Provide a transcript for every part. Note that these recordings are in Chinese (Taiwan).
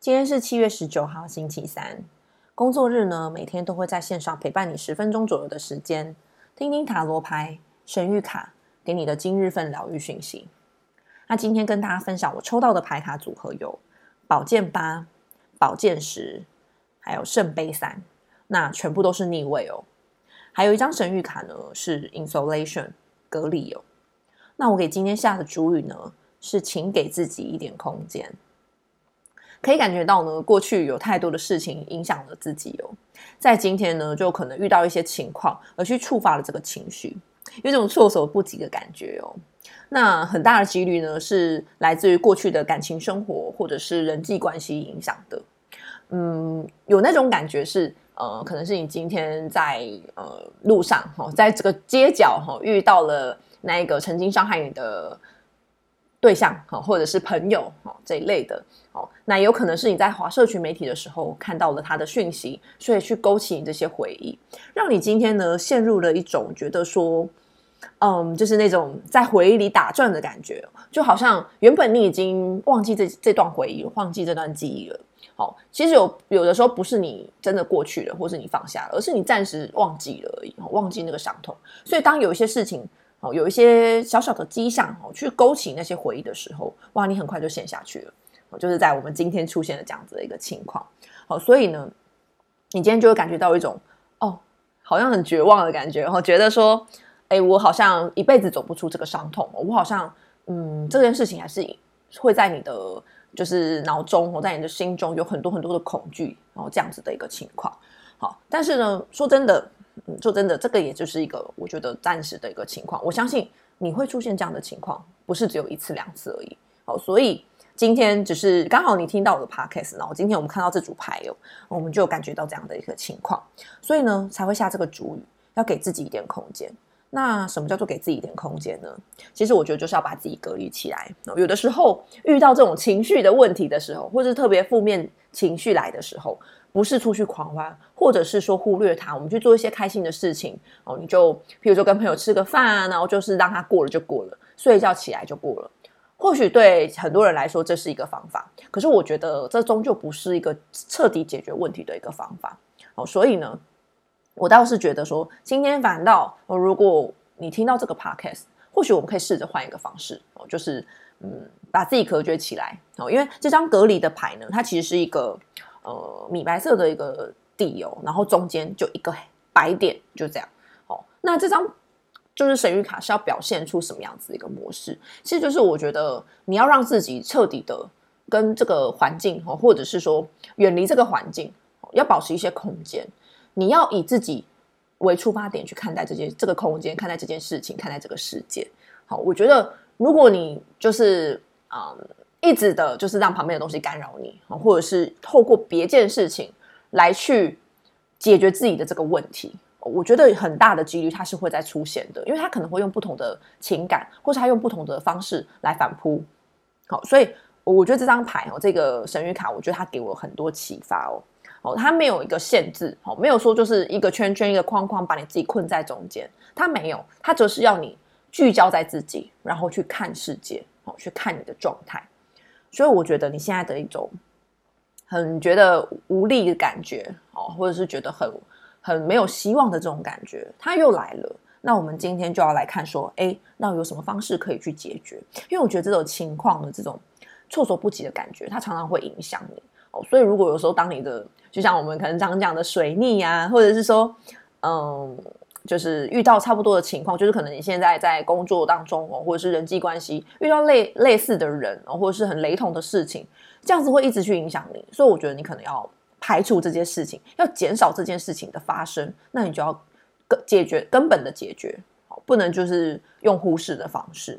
今天是七月十九號，星期三，工作日呢，每天都會在線上陪伴你十分鐘左右的時間，聽聽塔羅牌、神諭卡給你的今日份療癒訊息。那今天跟大家分享我抽到的牌卡組合有寶劍八、寶劍十，還有聖杯三，那全部都是逆位哦。還有一張神諭卡呢是 Insulation 隔離哦。那我給今天下的主語呢是，請給自己一點空間。可以感覺到呢，過去有太多的事情影響了自己哦，在今天呢，就可能遇到一些情況，而去觸發了這個情緒，有一種措手不及的感覺哦。那很大的幾率呢，是來自於過去的感情生活或者是人際關係影響的。嗯，有那種感覺是，呃，可能是你今天在，呃，路上，哦，在這個街角，哦，遇到了那一個曾經傷害你的。對象，或者是朋友啊，這一類的，那有可能是你在華社群媒體的時候看到了他的訊息，所以去勾起你這些回憶，讓你今天呢陷入了一種覺得說，嗯，就是那種在回憶裡打轉的感覺，就好像原本你已經忘記這這段回憶，忘記這段記憶了。好，其實有有的時候不是你真的過去了，或是你放下了，而是你暫時忘記了而已，忘記那個傷痛。所以當有一些事情。哦，有一些小小的跡象哦，去勾起那些回憶的時候，哇，你很快就陷下去了。哦，就是在我們今天出現的這樣子的一個情況。好，哦，所以呢，你今天就會感覺到一種，哦，好像很絕望的感覺，哦，然後覺得說，哎，我好像一輩子走不出這個傷痛哦，我好像，嗯，這件事情還是會在你的就是腦中，哦，或在你的心中有很多很多的恐懼，哦，然後這樣子的一個情況。好，哦，但是呢，說真的。嗯，說真的，這個也就是一個我覺得暫時的一個情況。我相信你會出現這樣的情況，不是只有一次兩次而已。好，所以今天只是剛好你聽到我的 podcast，然後今天我們看到這組牌哦，我們就有感覺到這樣的一個情況，所以呢才會下這個主語，要給自己一點空間。那什麼叫做給自己一點空間呢？其實我覺得就是要把自己隔離起來。哦，有的時候遇到這種情緒的問題的時候，或是特別負面情緒來的時候。不是出去狂歡，或者是說忽略他，我們去做一些開心的事情哦。你就，譬如說跟朋友吃個飯啊，然後就是讓他過了就過了，睡一覺起來就過了。或許對很多人來說這是一個方法，可是我覺得這終究不是一個徹底解決問題的一個方法哦。所以呢，我倒是覺得說，今天反倒，哦、如果你聽到這個 podcast，或許我們可以試着換一個方式、哦、就是嗯，把自己隔絕起來、哦、因為這張隔離的牌呢，它其實是一個。呃，米白色的一個底油，然後中間就一個白點，就這樣哦。那這張就是神諭卡是要表現出什麼樣子的一個模式？其實就是我覺得你要讓自己徹底的跟這個環境哦，或者是說遠離這個環境，哦，要保持一些空間。你要以自己為出發點去看待這件這個空間，看待這件事情，看待這個世界。好，哦，我覺得如果你就是啊。嗯一直的就是讓旁邊的東西干擾你，或者是透過別件事情來去解決自己的這個問題。我覺得很大的幾率它是會再出現的，因為它可能會用不同的情感，或是它用不同的方式來反撲。好，所以我覺得這張牌哦，這個神諭卡，我覺得它給我很多啟發哦。哦，它沒有一個限制哦，沒有說就是一個圈圈一個框框把你自己困在中間，它沒有，它則是要你聚焦在自己，然後去看世界哦，去看你的狀態。所以我覺得你現在的一種很覺得無力的感覺哦，或者是覺得很很沒有希望的這種感覺，它又來了。那我們今天就要來看說，誒，那有什麼方式可以去解決？因為我覺得這種情況的這種措手不及的感覺，它常常會影響你哦。所以如果有時候當你的，就像我們可能常講的水逆呀、啊，或者是說，嗯。就是遇到差不多的情況，就是可能你現在在工作當中哦，或者是人際關係遇到類類似的人哦，或者是很雷同的事情，這樣子會一直去影響你。所以我覺得你可能要排除這件事情，要減少這件事情的發生，那你就要個解決，根本的解決，好，不能就是用忽視的方式。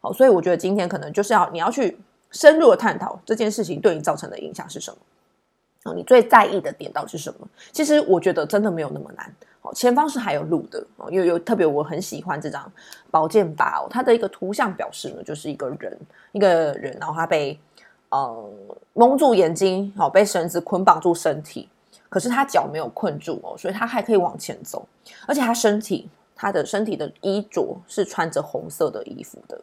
好，所以我覺得今天可能就是要你要去深入的探討這件事情對你造成的影響是什麼，啊，你最在意的點到底是什麼？其實我覺得真的沒有那麼難。前方是還有路的哦，有有特別我很喜歡這張寶劍八哦，"它"的一個圖像表示呢，就是一個人，一個人，然後他被嗯、呃、蒙住眼睛哦，被繩子捆綁住身體，可是他腳沒有困住哦，所以他還可以往前走，而且他身體他的身體的衣着是穿着紅色的衣服的，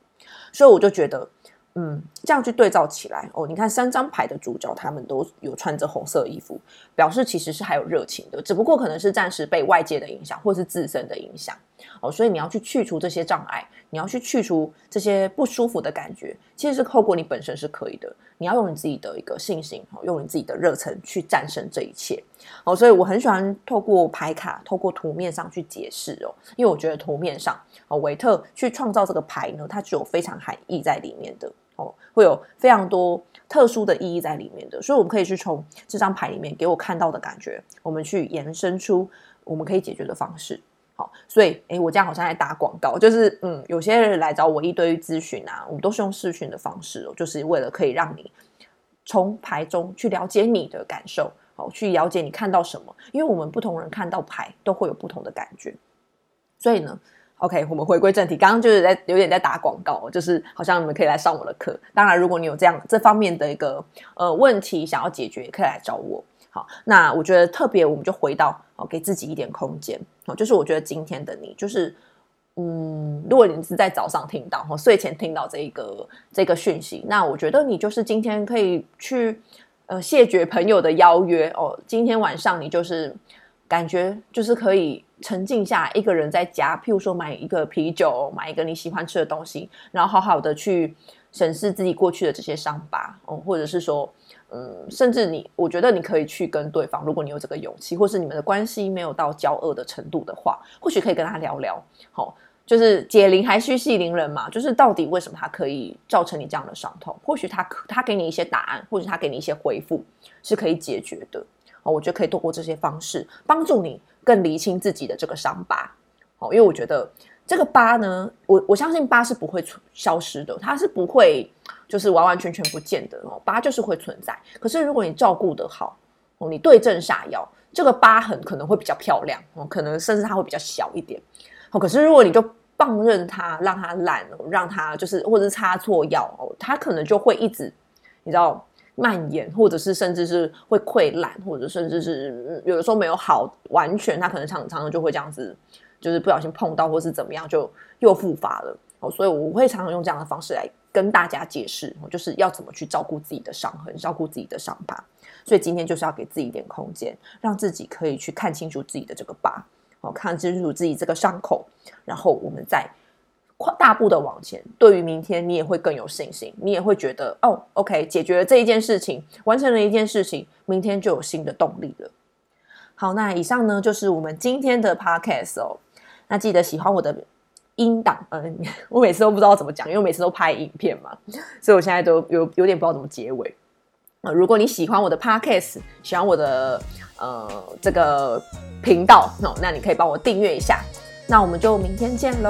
所以我就覺得。嗯，這樣去對照起來哦，你看三張牌的主角他們都有穿着紅色衣服，表示其實是還有熱情的，只不過可能是暫時被外界的影響或是自身的影響哦，所以你要去去除這些障礙，你要去去除這些不舒服的感覺，其實是透過你本身是可以的，你要用你自己的一個信心哦，用你自己的熱忱去戰勝這一切哦，所以我很喜歡透過牌卡，透過圖面上去解釋哦，因為我覺得圖面上哦，維特去創造這個牌呢，它具有非常含義在裡面的。哦，會有非常多特殊的意義在裡面的，所以我們可以去從這張牌裡面給我看到的感覺，我們去延伸出我們可以解決的方式。好、哦，所以哎，我這樣好像在打廣告，就是嗯，有些人來找我一堆諮詢啊，我們都是用視訊的方式哦，就是為了可以讓你從牌中去了解你的感受，好、哦，去了解你看到什麼，因為我們不同人看到牌都會有不同的感覺，所以呢。OK，我們回歸正題。剛剛就是在有點在打廣告、哦，就是好像你們可以來上我的課。當然，如果你有這樣這方面的一個呃問題想要解決，也可以來找我。好，那我覺得特別，我們就回到哦，給自己一點空間、哦。就是我覺得今天的你，就是嗯，如果你是在早上聽到、哦、睡前聽到這一個這個訊息，那我覺得你就是今天可以去呃謝絕朋友的邀約哦。今天晚上你就是。感覺就是可以沉靜下一個人在家，譬如說買一個啤酒，買一個你喜歡吃的東西，然後好好的去審視自己過去的這些傷疤哦、嗯，或者是說，嗯，甚至你，我覺得你可以去跟對方，如果你有這個勇氣，或是你們的關係沒有到交惡的程度的話，或許可以跟他聊聊。好、哦，就是解鈴還須繫鈴人嘛，就是到底為什麼他可以造成你這樣的傷痛？或許他他給你一些答案，或者他給你一些回覆，是可以解決的。哦、我覺得可以透過這些方式幫助你更理清自己的這個傷疤。哦，因為我覺得這個疤呢，我我相信疤是不會消失的，它是不會就是完完全全不見的哦，疤就是會存在。可是如果你照顧得好，哦、你對症下藥，這個疤痕可能會比較漂亮，哦，可能甚至它會比較小一點。哦、可是如果你就放任它，讓它爛，哦，讓它就是或者是擦錯藥，哦，它可能就會一直，你知道。蔓延，或者是甚至是會潰爛，或者甚至是有的時候沒有好完全，他可能常常就會這樣子，就是不小心碰到，或是怎麼樣，就又復發了哦。所以我會常常用這樣的方式來跟大家解釋，哦，就是要怎麼去照顧自己的傷痕，照顧自己的傷疤。所以今天就是要給自己一點空間，讓自己可以去看清楚自己的這個疤，哦，看清楚自己這個傷口，然後我們再。大步的往前，對於明天你也會更有信心，你也會覺得哦，OK，解決了這一件事情，完成了一件事情，明天就有新的動力了。好，那以上呢就是我們今天的 podcast 哦。那記得喜歡我的音檔，嗯、呃，我每次都不知道怎麼講，因為每次都拍影片嘛，所以我現在都有有點不知道怎麼結尾。呃、如果你喜歡我的 podcast，喜歡我的、呃、這個頻道、呃、那你可以幫我訂閱一下。那我們就明天見嘍。